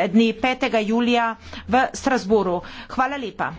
dne 5. julija v Strasboru. Hvala lepa.